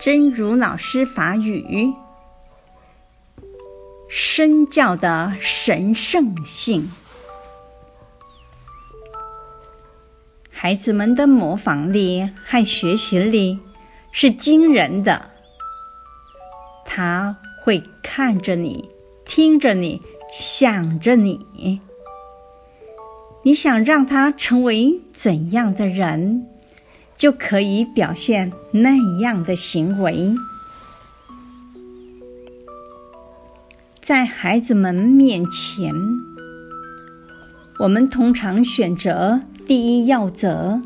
真如老師法語，身教的神聖性，孩子們的模仿力和學習力是驚人的。他會看着你，聽着你，想着你。你想讓他成為怎樣的人，就可以表現那樣的行為。在孩子們面前，我們通常選擇第一要則，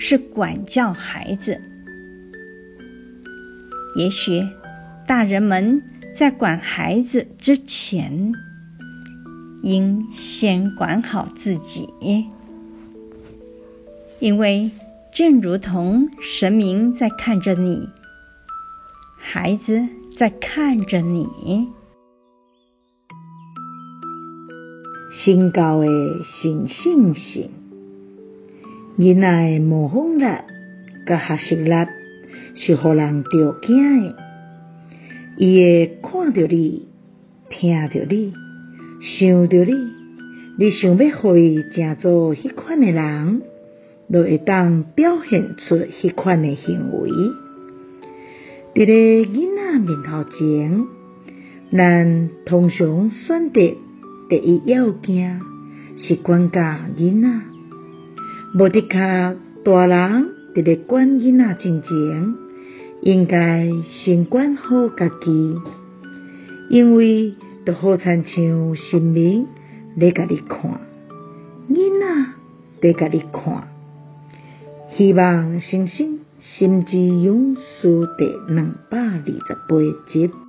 是管教孩子。也許大人們在管孩子之前，應先管好自己，因為，正如同神明在看着你，孩子在看着你。身教的神聖性，你類模仿力、甲學習力是互人着驚的。伊會看着你，聽着你，想着你，你想要會成做迄款的人。著會當表現出迄款誒行為。佇咧囡仔面頭前，咱通常選擇第一要件是管教囡仔。無的確大人佇咧管囡仔之前，應該先管好家己，因為都好親像神明在甲你看，囡仔在甲你看。希望新生心之勇士第兩百二十八集。